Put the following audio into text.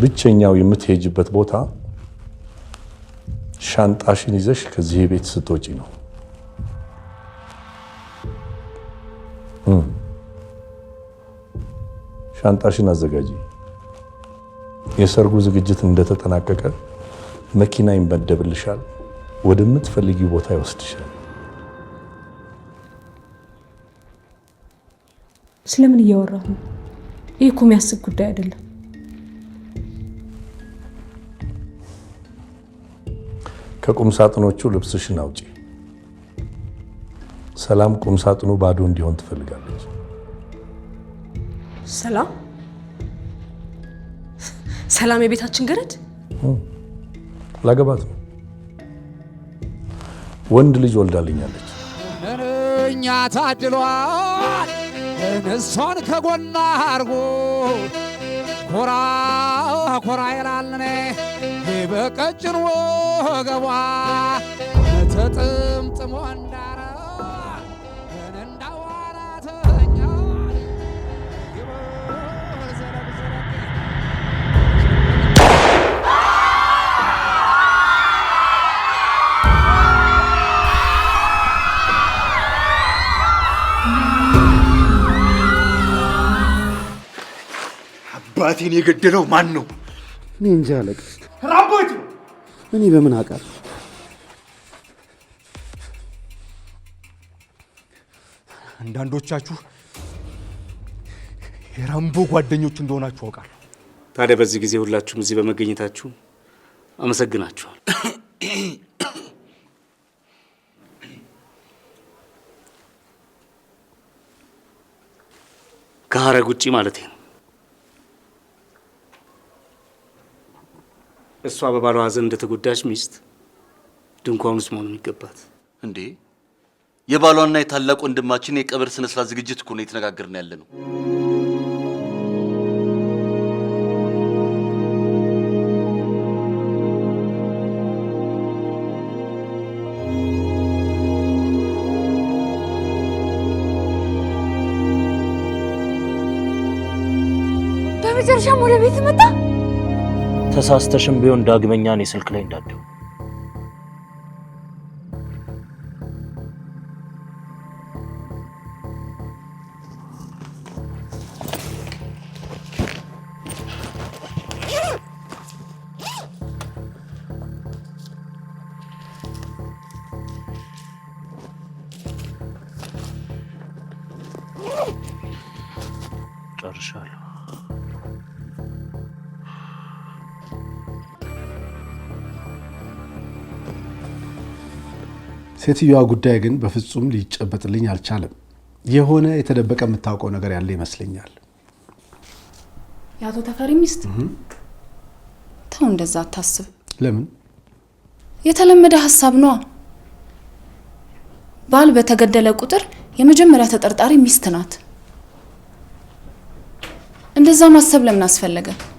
ብቸኛው የምትሄጅበት ቦታ ሻንጣሽን ይዘሽ ከዚህ ቤት ስትወጪ ነው። ሻንጣሽን አዘጋጂ። የሰርጉ ዝግጅት እንደተጠናቀቀ መኪና ይመደብልሻል፣ ወደምትፈልጊው ቦታ ይወስድሻል። ስለምን እያወራሁ ነው? ይህ እኮ የሚያስብ ጉዳይ አይደለም። ከቁም ሳጥኖቹ ልብስሽን አውጪ። ሰላም ቁም ሳጥኑ ባዶ እንዲሆን ትፈልጋለች። ሰላም ሰላም የቤታችን ገረድ ላገባት ነው። ወንድ ልጅ ወልዳልኛለች። እኛ ታድሏል። እንሷን ከጎና አርጎ ኮራ ኮራ ይላልነ ይበቀጭን ወገቧ ተጥምጥሞ እንዳራ አባቴን የገደለው ማን ነው? እኔ እንጃ ራቦት እኔ በምን አውቃለሁ? አንዳንዶቻችሁ የራምቦ ጓደኞች እንደሆናችሁ አውቃለሁ። ታዲያ በዚህ ጊዜ ሁላችሁም እዚህ በመገኘታችሁ አመሰግናችኋል። ከሀረግ ውጪ ማለት ነው። እሷ በባሏ ሐዘን እንደተጎዳች ሚስት ድንኳን ውስጥ መሆኑ የሚገባት እንዴ? የባሏና የታላቅ ወንድማችን የቀብር ስነ ስርዓት ዝግጅት እኮ ነው የተነጋገርን ያለ ነው። በመጨረሻም ወደ ቤት መጣ። ተሳስተሽም ቢሆን ዳግመኛ እኔ ስልክ ላይ እንዳትደው ጨርሻለሁ። ሴትዮዋ ጉዳይ ግን በፍጹም ሊጨበጥልኝ አልቻለም። የሆነ የተደበቀ የምታውቀው ነገር ያለ ይመስለኛል። የአቶ ተፈሪ ሚስት? ተው እንደዛ አታስብ። ለምን? የተለመደ ሀሳብ ነዋ። ባል በተገደለ ቁጥር የመጀመሪያ ተጠርጣሪ ሚስት ናት። እንደዛ ማሰብ ለምን አስፈለገ?